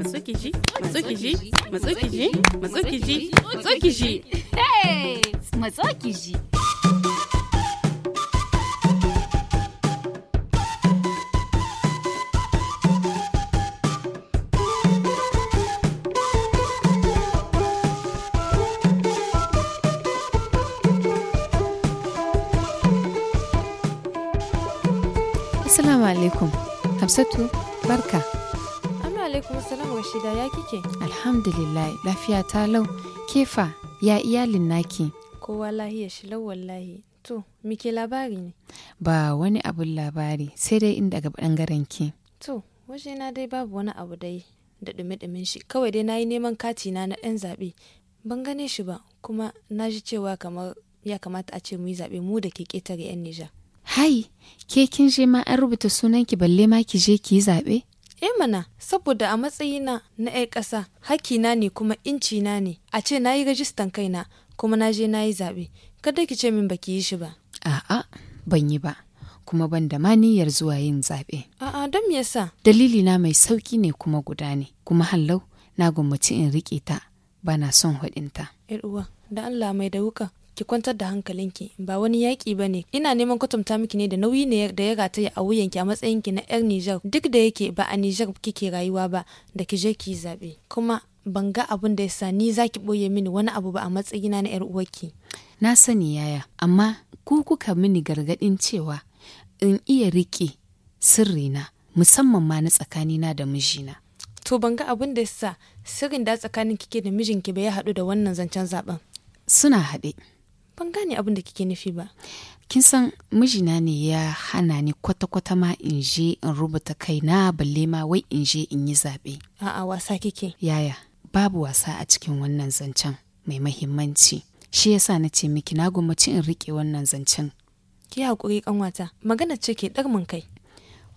Matsukiji, Matsukiji, Matsukiji, Matsukiji, Matsukiji. Hey! Matsukiji. Assalamu alaikum. Hamsatu, barka. alaikum salam shida ya kike alhamdulillah lafiya ta lau kefa ya iyalin naki kowa lahiya shi lau wallahi to muke labari ne ba wani abun labari sai dai inda ga bangaren ki to na dai babu wani abu dai da dumi-dumin shi kawai dai na yi neman kati na na ɗan zaɓe ban gane shi ba kuma na ji cewa kamar ya kamata a ce mu yi zaɓe mu da ke ƙetare 'yan nija. Hai, ke kin je ma an rubuta sunanki balle ma ki je ki yi zaɓe? Eh mana, saboda a matsayina na 'yan ƙasa, hakina ne kuma incina ne, a ce na yi rajistan kaina kuma na je na yi zaɓe, kada ki ce min baki yi shi ba. A'a, ban yi ba. kuma ban da niyyar zuwa yin zaɓe. A'a don me yasa? Dalili na mai sauki ne kuma guda ne, kuma hallau na gwammaci in riƙe ta bana son haɗinta. Yar uwa, da Allah mai da wuka, ki kwantar da hankalinki ba wani yaƙi ba ne ina neman kwatanta miki ne da nauyi ne da ya rataya a wuyanki a matsayinki na yar Nijar duk da yake ba a Nijar kike rayuwa ba da ki je ki zaɓe kuma ban ga abin da yasa ni zaki ɓoye mini wani abu ba a matsayina na yar uwarki. Na sani yaya amma ku kuka mini gargaɗin cewa in iya riƙe sirrina musamman ma na tsakanina da mijina. to ban ga abin da yasa sirrin da tsakanin kike da mijinki bai haɗu da wannan zancen zaben suna haɗe ban gane abin da kike nufi ba kin san mijina ne ya hana ni kwata-kwata ma in je in rubuta kai na balle ma wai in je in yi zaɓe a'a wasa kike yaya babu wasa a cikin wannan zancen mai mahimmanci shi yasa na ce miki na gwamnati in riƙe wannan zancen ki haƙuri kanwata magana ce ke ɗarmin kai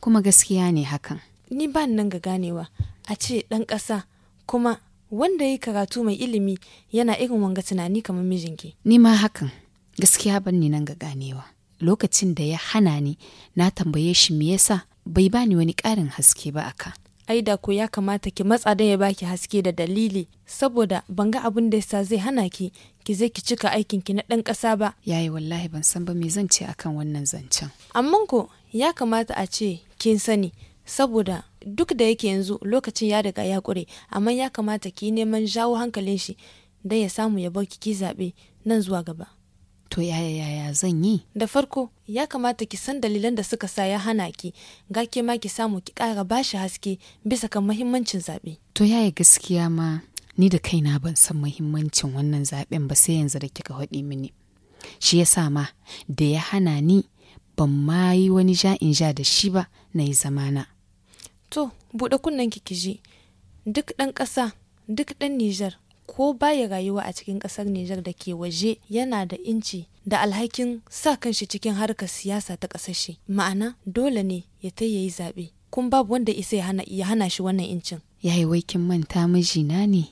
kuma gaskiya ne hakan ni ba nan ga ganewa a ce ɗan ƙasa kuma wanda ya karatu mai ilimi yana irin wanga tunani kamar mijinki. Ni ma hakan gaskiya ban ni nan ga ganewa. Lokacin da ya hana ni na tambaye shi me yasa bai bani wani ƙarin haske ba aka. Ai da ko ya kamata ki matsa don ya baki haske da dalili saboda ban ga abin da yasa zai hana ki ki zai ki cika aikin ki na ɗan ƙasa ba. Yayi wallahi ban san ba me zan ce akan wannan zancen. Amman ko ya kamata a ce kin sani saboda duk da yake yanzu lokacin ya riga ya kure amma ya kamata ki neman jawo hankalin shi don ya samu ya bar ki zaɓe nan zuwa gaba. To yaya yaya zan yi? Da farko ya kamata ki san dalilan da suka sa ya hana ki ga ke ma ki samu ki kara bashi haske bisa kan mahimmancin zaɓe. To yaya gaskiya ma ni da kaina ban san mahimmancin wannan zaɓen ba sai yanzu da kika haɗi mini. Shi ya sa ma da ya hana ni ban ma yi wani ja in ja da shi ba na yi zamana. to buɗe kunnen ki ji duk ɗan ƙasa duk ɗan nijar ko baya rayuwa a cikin ƙasar nijar da ke waje yana da inci da alhakin sa kanshi cikin harkar siyasa ta ƙasar shi ma'ana dole ne ya ta yi zaɓe kun babu wanda isa ya hana shi wannan incin Ya yayi waikin manta mijina ne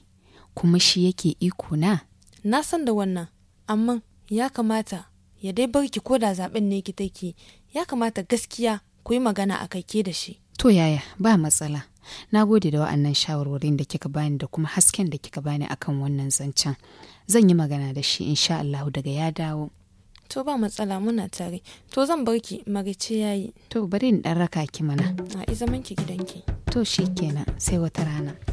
kuma shi yake iko na na san da wannan amma ya kamata ya dai barki ko da zaɓen ne ki take ya kamata gaskiya ku yi magana a kai ke da shi. To yaya ba matsala. Na gode da wa'annan shawarwarin da kika bani da kuma hasken da kika bani akan wannan zancen. Zan yi magana da shi insha Allah daga ya dawo. To ba matsala muna tare. To zan barki marice yayi. To bari in ɗan raka ki mana. A zaman ki gidanki. To kenan sai wata rana.